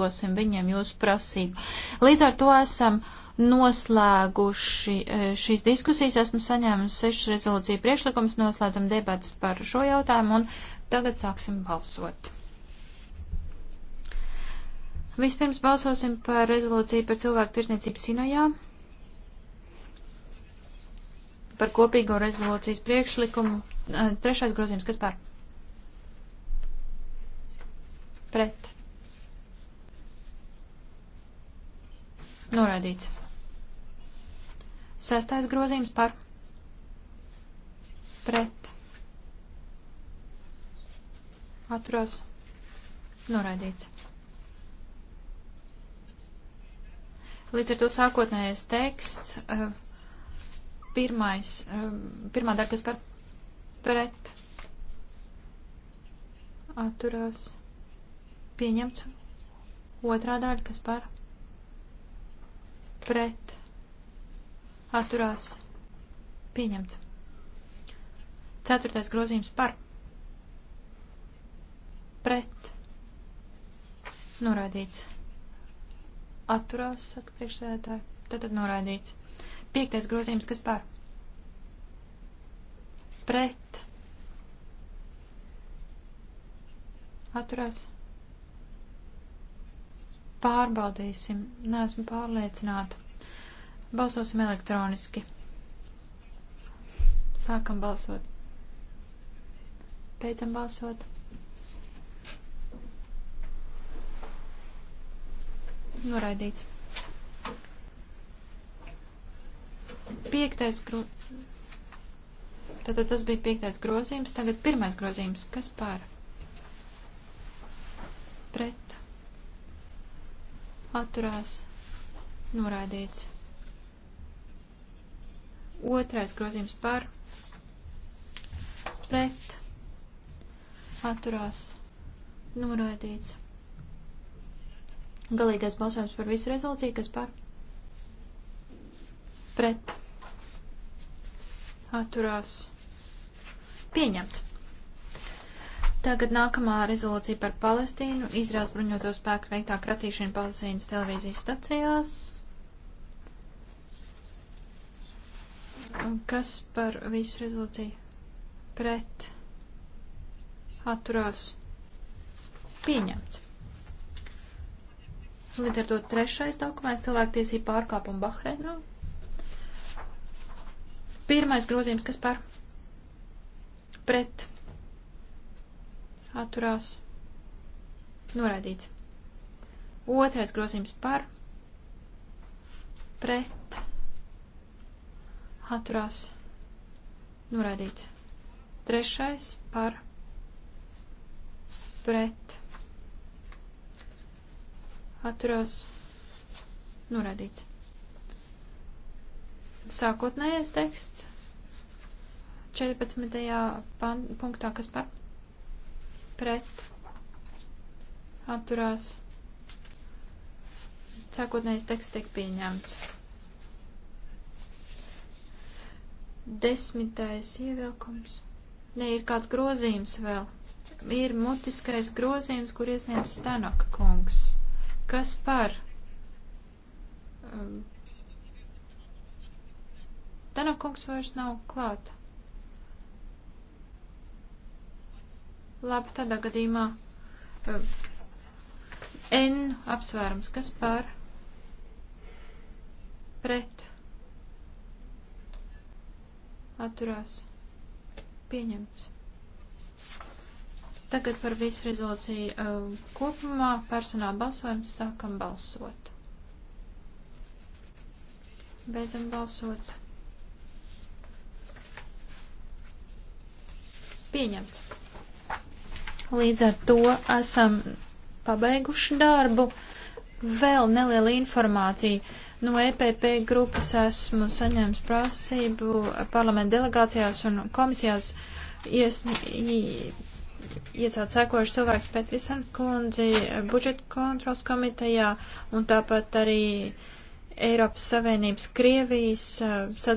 dosim viņiem jūsu prasību. Līdz ar to esam noslēguši e, šīs diskusijas. Esmu saņēmusi sešas rezolūciju priekšlikumus, noslēdzam debats par šo jautājumu un tagad sāksim balsot. Vispirms balsosim par rezolūciju par cilvēku tirsniecību Sinajā, par kopīgo rezolūcijas priekšlikumu. E, trešais grozījums, kas par? Pret Noraidīts. Sestais grozījums par pret atturās noraidīts. Līdz ar to sākotnējais teksts, eh, pirmais, eh, pirmā daļa, kas par pret atturās pieņemts, otrā daļa, kas par pret, atturās, pieņemts. Ceturtais grozījums par, pret, norādīts, atturās, saka priekšsēdētāji, tad, tad norādīts. Piektais grozījums, kas par, pret, atturās, pieņemts. Pārbaudīsim. Neesmu pārliecināta. Balsosim elektroniski. Sākam balsot. Beidzam balsot. Noraidīts. Piektais gro... Tātad tas bija piektais grozījums, tagad pirmais grozījums. Kas pār? Pret atturās noraidīts. Otrais grozījums par pret atturās noraidīts. Galīgais balsojums par visu rezolūciju, kas par pret atturās pieņemt. Tagad nākamā rezolūcija par Palestīnu. Izrāls bruņoto spēku veiktā kratīšana Palestīnas televīzijas stacijās. Kas par visu rezolūciju? Pret. Atturās. Pieņemts. Līdz ar to trešais dokuments cilvēktiesība pārkāpuma Bahreinā. Pirmais grozījums, kas par pret atturās noraidīts. Otrais grozījums par pret atturās noraidīts. Trešais par pret atturās noraidīts. Sākotnējais teksts 14. Pan, punktā, kas par pret atturās. Sākotnējais teksts tiek pieņemts. Desmitais ievilkums. Ne, ir kāds grozījums vēl. Ir mutiskais grozījums, kur iesniedz Stanaka kungs. Kas par? Um, Stanaka kungs vairs nav klāta. Labi, tādā gadījumā eh, N apsvērums, kas pār pret atturās pieņemts. Tagad par visu rezolūciju eh, kopumā personāla balsojums sākam balsot. Beidzam balsot. Pieņemts. Līdz ar to esam pabeiguši darbu. Vēl neliela informācija. No EPP grupas esmu saņēmis prasību parlamenta delegācijās un komisijās ies, iecelt sekojuši cilvēks Petrisan kundzi budžeta kontrols komitejā un tāpat arī Eiropas Savienības Krievijas